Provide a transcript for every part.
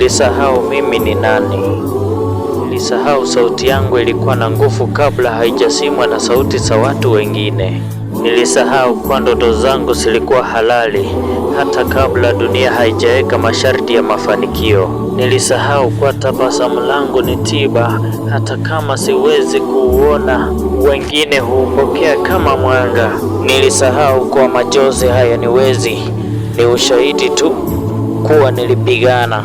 Nilisahau mimi ni nani. Nilisahau sauti yangu ilikuwa na nguvu kabla haijasimwa na sauti za watu wengine. Nilisahau kuwa ndoto zangu zilikuwa halali hata kabla dunia haijaweka masharti ya mafanikio. Nilisahau kuwa tabasamu langu ni tiba, hata kama siwezi kuuona, wengine huupokea kama mwanga. Nilisahau kuwa machozi hayaniwezi, ni ushahidi tu kuwa nilipigana,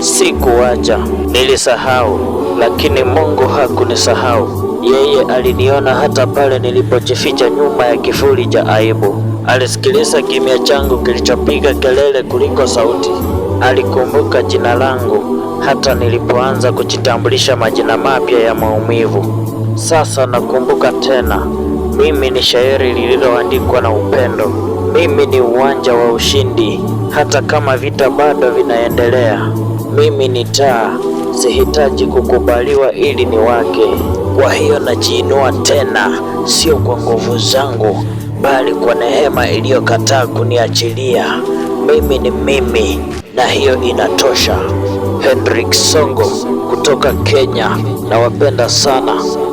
sikuacha, nilisahau, lakini Mungu hakunisahau. Yeye aliniona hata pale nilipojificha nyuma ya kivuli cha aibu. Alisikiliza kimya changu kilichopiga kelele kuliko sauti. Alikumbuka jina langu hata nilipoanza kujitambulisha majina mapya ya maumivu. Sasa nakumbuka tena, mimi ni shairi lililoandikwa na upendo. Mimi ni uwanja wa ushindi, hata kama vita bado vinaendelea. Mimi ni taa, sihitaji kukubaliwa ili ni wake. Kwa hiyo najiinua tena, sio kwa nguvu zangu, bali kwa neema iliyokataa kuniachilia. Mimi ni mimi, na hiyo inatosha. Hendrik Songo kutoka Kenya, nawapenda sana.